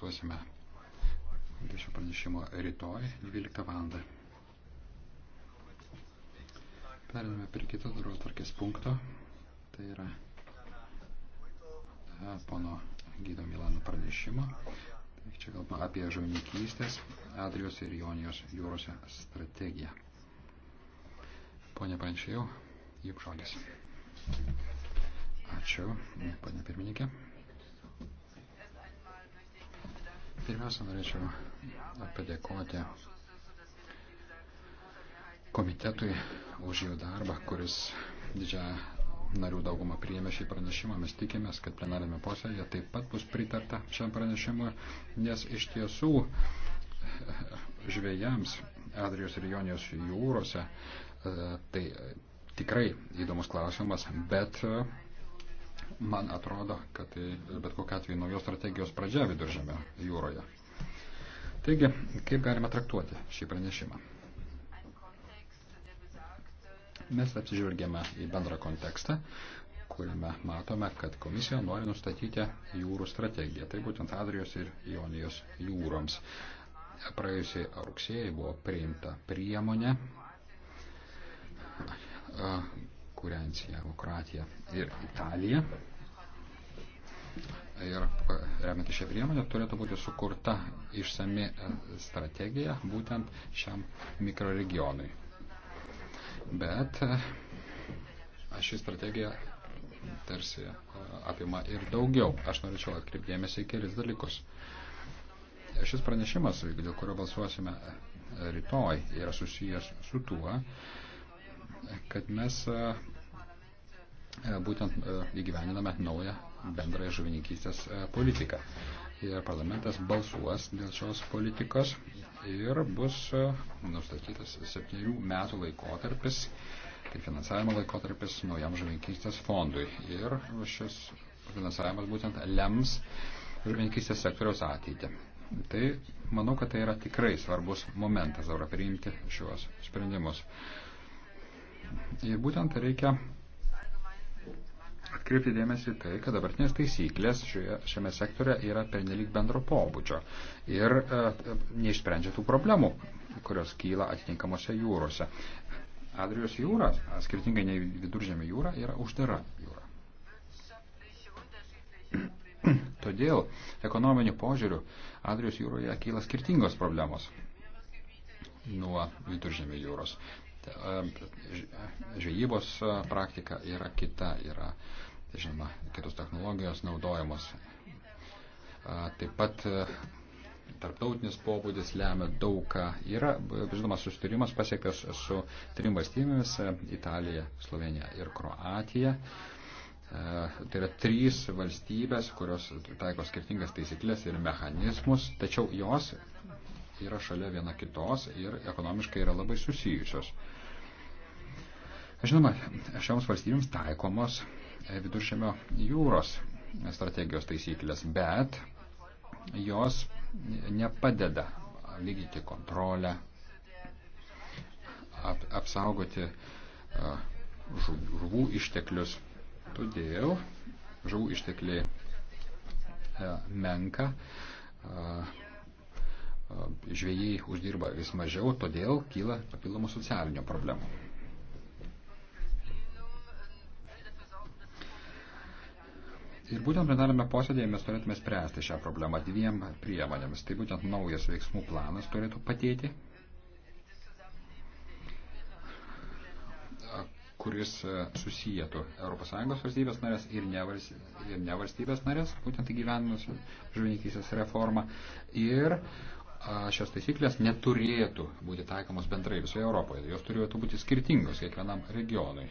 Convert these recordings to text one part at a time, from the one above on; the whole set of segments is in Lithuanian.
balsuosime dėl šio pranešimo rytoj 12 val. Periname prie kito darbo tvarkės punkto. Tai yra a, e, pono Gydo Milano pranešimo. Tai čia kalbama apie žuvininkystės Adrijos ir Jonijos jūrose strategiją. Pone pranešėjau, jums žodis. Ačiū, pane pirmininkė. Pirmiausia, norėčiau padėkoti komitetui už jų darbą, kuris didžiąją narių daugumą priėmė šį pranešimą. Mes tikimės, kad plenarinėme posėdėje taip pat bus pritarta šiam pranešimui, nes iš tiesų žvėjams Adrijos ir Jonijos jūrose e, tai tikrai įdomus klausimas, bet man atrodo, kad tai bet kokia atveju naujos strategijos pradžia viduržėme jūroje. Taigi, kaip galima traktuoti šį pranešimą? Mes apsižvelgėme į bendrą kontekstą, kuriame matome, kad komisija nori nustatyti jūrų strategiją, tai būtent Adrijos ir Jonijos jūroms. Praėjusiai rugsėjai buvo priimta priemonė konkurencijavo Kroatija ir Italija. Ir e, remiant šią priemonę turėtų būti sukurta išsami e, strategija būtent šiam mikroregionui. Bet e, ši strategija tarsi apima ir daugiau. Aš norėčiau atkreipdėmėsi į kelis dalykus. Šis pranešimas, dėl kurio balsuosime rytoj, yra susijęs su tuo, kad mes E, būtent e, įgyveniname naują bendrąją žuvininkystės e, politiką. Ir parlamentas balsuos dėl šios politikos ir bus nustatytas septynių metų laikotarpis, tai finansavimo laikotarpis naujam žuvininkystės fondui. Ir šis finansavimas būtent lems žuvininkystės sektoriaus ateitį. Tai manau, kad tai yra tikrai svarbus momentas dabar priimti šiuos sprendimus. Ir būtent reikia atkreipti dėmesį tai, kad dabartinės taisyklės šioje, šiame sektorė yra pernelyg bendro pobūdžio ir e, e neišsprendžia tų problemų, kurios kyla atitinkamose jūrose. Adrijos jūra, skirtingai nei viduržėmė jūra, yra uždara jūra. Todėl ekonominių požiūrių Adrijos jūroje kyla skirtingos problemos nuo viduržėmė jūros žvejybos e, praktika yra kita, yra, žinoma, kitos technologijos naudojamos. E, taip pat e, tarptautinis pobūdis lemia daug ką. Yra, žinoma, sustarimas pasiektas su trim valstybėmis - Italija, Slovenija ir Kroatija. Tai yra trys valstybės, kurios taiko skirtingas taisyklės ir mechanizmus, tačiau jos yra šalia viena kitos ir ekonomiškai yra labai susijusios. Uh, Žinoma, šioms valstybėms taikomos viduržėmio jūros strategijos taisyklės, bet jos nepadeda vykdyti kontrolę, ap, apsaugoti žuvų išteklius. Todėl žuvų ištekliai menka, žvėjai uždirba vis mažiau, todėl kyla papildomų socialinių problemų. Ir būtent plenarame posėdėje mes turėtume spręsti šią problemą dviem priemonėmis. Tai būtent naujas veiksmų planas turėtų padėti, kuris e, susijėtų ES valstybės narės ir ne valstybės narės, būtent įgyveninus žuvininkysės reformą. Ir šios taisyklės neturėtų būti taikomos bendrai visoje Europoje. Jos turėtų būti skirtingos kiekvienam regionui.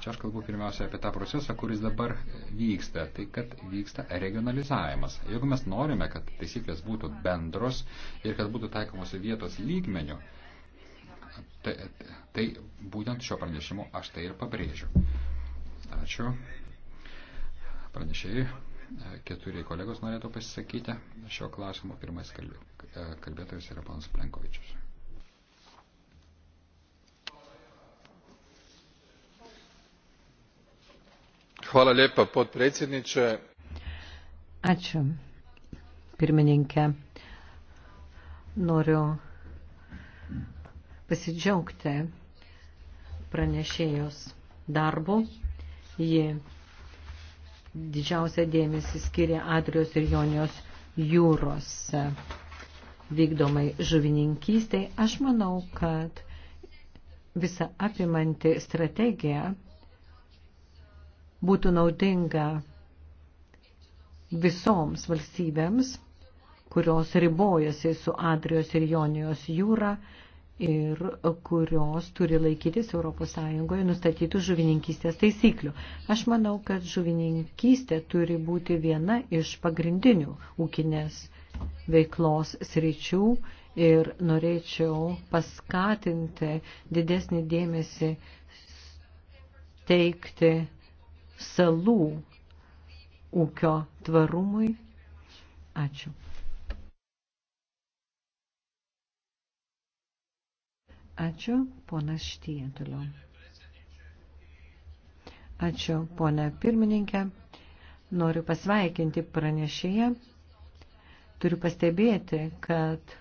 Čia aš kalbu pirmiausia apie tą procesą, kuris dabar vyksta, tai kad vyksta regionalizavimas. Jeigu mes norime, kad taisyklės būtų bendros ir kad būtų taikomos vietos lygmenių, tai, tai būtent šio pranešimo aš tai ir pabrėžiu. Ačiū. Pranešėjai, keturi kolegos norėtų pasisakyti. Šio klausimo pirmas kalbėtojas yra panas Plenkovičius. Ačiū. Pirmininkė, noriu pasidžiaugti pranešėjos darbu. Ji didžiausią dėmesį skiria Adrios ir Jonijos jūros vykdomai žuvininkystai. Aš manau, kad visa apimanti strategija būtų naudinga visoms valstybėms, kurios ribojasi su Adrijos ir Jonijos jūra ir kurios turi laikytis ES nustatytų žuvininkystės taisyklių. Aš manau, kad žuvininkystė turi būti viena iš pagrindinių ūkinės veiklos sričių ir norėčiau paskatinti didesnį dėmesį teikti salų ūkio tvarumui. Ačiū. Ačiū, ponas Štyje toliau. Ačiū, ponė pirmininkė. Noriu pasveikinti pranešėją. Turiu pastebėti, kad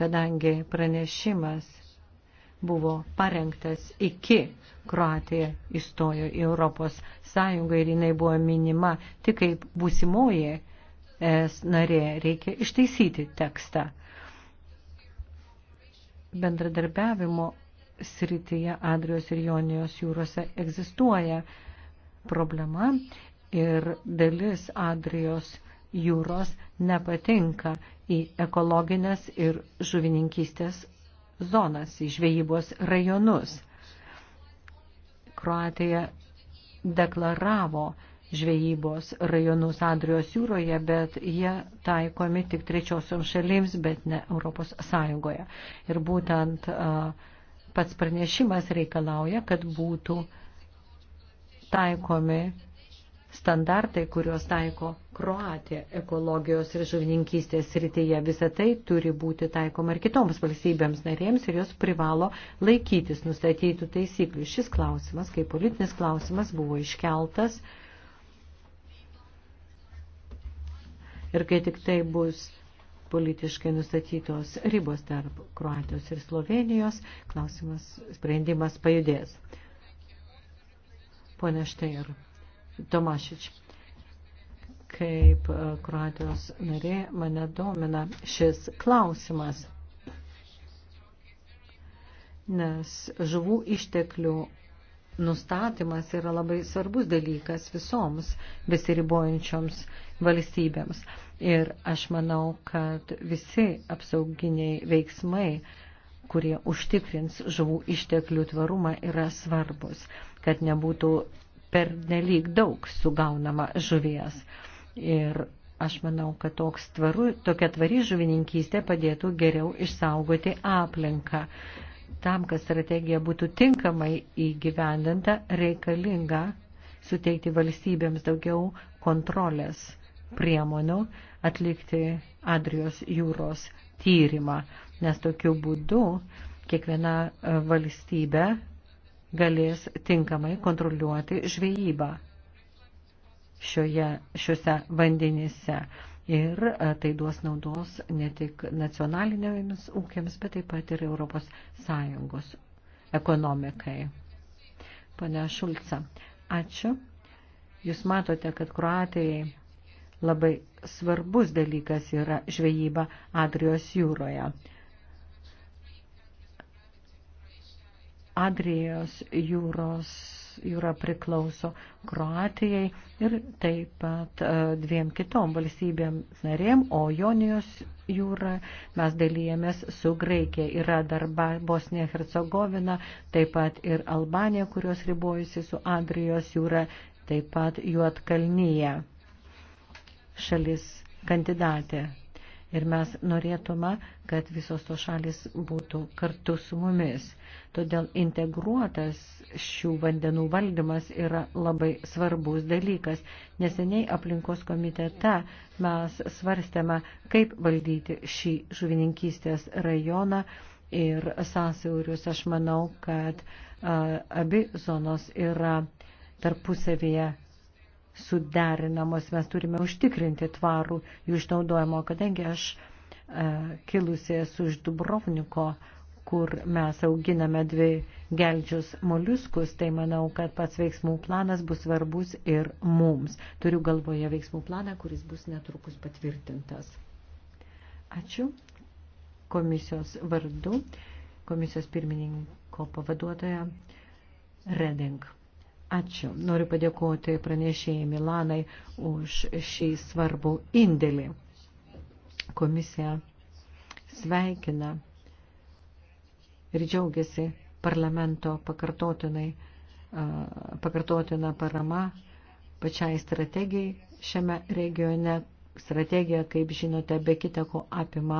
kadangi pranešimas buvo parengtas iki Kroatija įstojo į Europos Sąjungą ir jinai buvo minima tik kaip būsimoji es narė. Reikia ištaisyti tekstą. Bendradarbiavimo srityje Adrijos ir Jonijos jūrose egzistuoja problema ir dalis Adrijos jūros nepatinka į ekologinės ir žuvininkystės zonas, į žvejybos rajonus. Kroatija deklaravo žvejybos rajonus Adrijos jūroje, bet jie taikomi tik trečiosiom šalims, bet ne Europos Sąjungoje. Ir būtent pats pranešimas reikalauja, kad būtų taikomi standartai, kuriuos taiko Kroatija ekologijos ir žuvininkystės srityje. Visą tai turi būti taikoma ir kitoms valstybėms narėms ir jos privalo laikytis nustatytų taisyklių. Šis klausimas, kaip politinis klausimas, buvo iškeltas. Ir kai tik tai bus politiškai nustatytos ribos tarp Kroatijos ir Slovenijos, klausimas, sprendimas pajudės. Pone Šteir. Tomašič. Kaip e, Kroatijos narė mane domina šis klausimas, nes žuvų išteklių nustatymas yra labai svarbus dalykas visoms besiribojančioms valstybėms. Ir aš manau, kad visi apsauginiai veiksmai, kurie užtikrins žuvų išteklių tvarumą, yra svarbus, kad nebūtų per nelik daug sugaunama žuvies. Ir aš manau, kad toks tvaru, tokia tvari žuvininkystė padėtų geriau išsaugoti aplinką. Tam, kad strategija būtų tinkamai įgyvendinta, reikalinga suteikti valstybėms daugiau kontrolės priemonių, atlikti Adrijos jūros tyrimą, nes tokiu būdu kiekviena valstybė galės tinkamai kontroliuoti žvejybą šioje, šiuose vandenyse. Ir e, tai duos naudos ne tik nacionalinėms ūkiams, bet taip pat ir Europos Sąjungos ekonomikai. Pane Šulca, ačiū. Jūs matote, kad Kroatijai labai svarbus dalykas yra žvejyba Adrijos jūroje. Adrijos jūros jūra priklauso Kroatijai ir taip pat e, dviem kitom valstybėm narėm, o Jonijos jūra mes dalyjėmės su Graikija. Yra dar Bosnija Hercegovina, taip pat ir Albanija, kurios ribojasi su Adrijos jūra, taip pat Juotkalnyje šalis kandidatė Ir mes norėtume, kad visos to šalis būtų kartu su mumis. Todėl integruotas šių vandenų valdymas yra labai svarbus dalykas. Neseniai aplinkos komitete mes svarstėme, kaip valdyti šį žuvininkystės rajoną ir sąsiaurius. Aš manau, kad a, abi zonos yra tarpusavyje suderinamos, mes turime užtikrinti tvarų jų išnaudojimo, kadangi aš e, kilusi esu iš Dubrovniko, kur mes auginame dvi geldžius moliuskus, tai manau, kad pats veiksmų planas bus svarbus ir mums. Turiu galvoje veiksmų planą, kuris bus netrukus patvirtintas. Ačiū komisijos vardu, komisijos pirmininko pavaduotoja Reding. Ačiū. Noriu padėkoti pranešėjai Milanai už šį svarbų indėlį. Komisija sveikina ir džiaugiasi parlamento pakartotinai, pakartotina parama pačiai strategijai šiame regione, strategija, kaip žinote, be kitako apima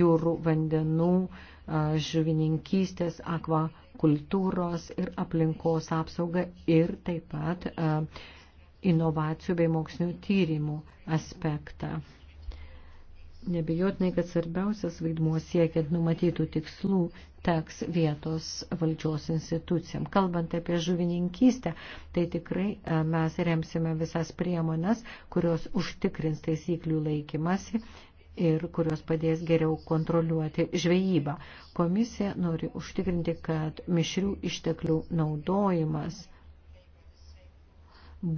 jūrų vandenų, žuvininkystės, akvakultūros ir aplinkos apsaugą ir taip pat inovacijų bei mokslinių tyrimų aspektą. Nebejotinai, kad svarbiausias vaidmuo siekiant numatytų tikslų teks vietos valdžios institucijam. Kalbant apie žuvininkystę, tai tikrai e, mes remsime visas priemonės, kurios užtikrins taisyklių laikymasi ir kurios padės geriau kontroliuoti žvejybą. Komisija nori užtikrinti, kad mišrių išteklių naudojimas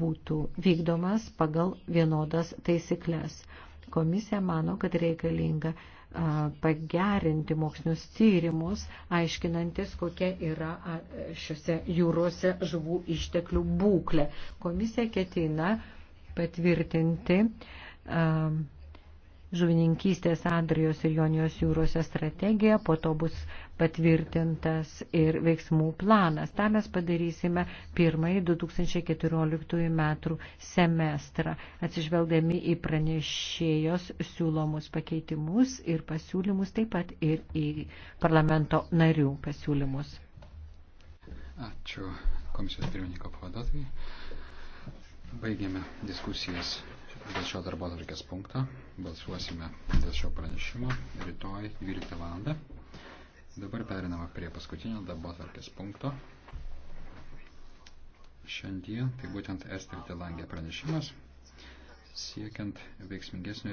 būtų vykdomas pagal vienodas taisyklės. Komisija mano, kad reikalinga pagerinti mokslinius tyrimus, aiškinantis, kokia yra šiuose jūrose žuvų išteklių būklė. Komisija ketina patvirtinti um, žuvininkystės Adrijos ir Jonijos jūrose strategija, po to bus patvirtintas ir veiksmų planas. Ta mes padarysime pirmąjį 2014 metų semestrą, atsižvelgdami į pranešėjos siūlomus pakeitimus ir pasiūlymus, taip pat ir į parlamento narių pasiūlymus. Ačiū komisijos pirmininko pavaduotojai. Baigėme diskusijas dėl šio darbo atvarkės punkto. Balsuosime dėl šio pranešimo rytoj 12 val. Dabar perinama prie paskutinio darbo atvarkės punkto. Šiandien tai būtent Ester Telangė pranešimas siekiant veiksmingesnio